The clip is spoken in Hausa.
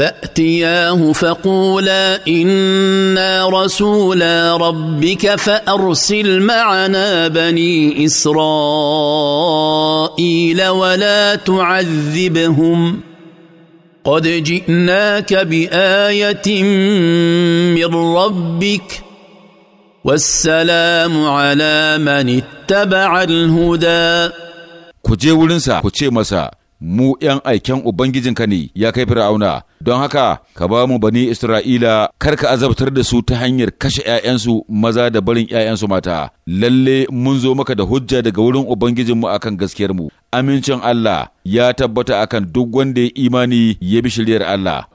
فاتياه فقولا انا رسولا ربك فارسل معنا بني اسرائيل ولا تعذبهم قد جئناك بايه من ربك والسلام على من اتبع الهدى كجي ولنسا كجي مسا mu ’yan aiken Ubangijinka ne, ya kai Fir'auna, don haka ka ba mu bani Isra'ila kar ka azabtar da su ta hanyar kashe ’ya'yansu maza da barin ’ya'yansu mata, lalle mun zo maka da hujja daga wurin Ubangijinmu a kan gaskiyarmu, amincin Allah ya tabbata akan duk wanda ya imani ya bi shiryar Allah.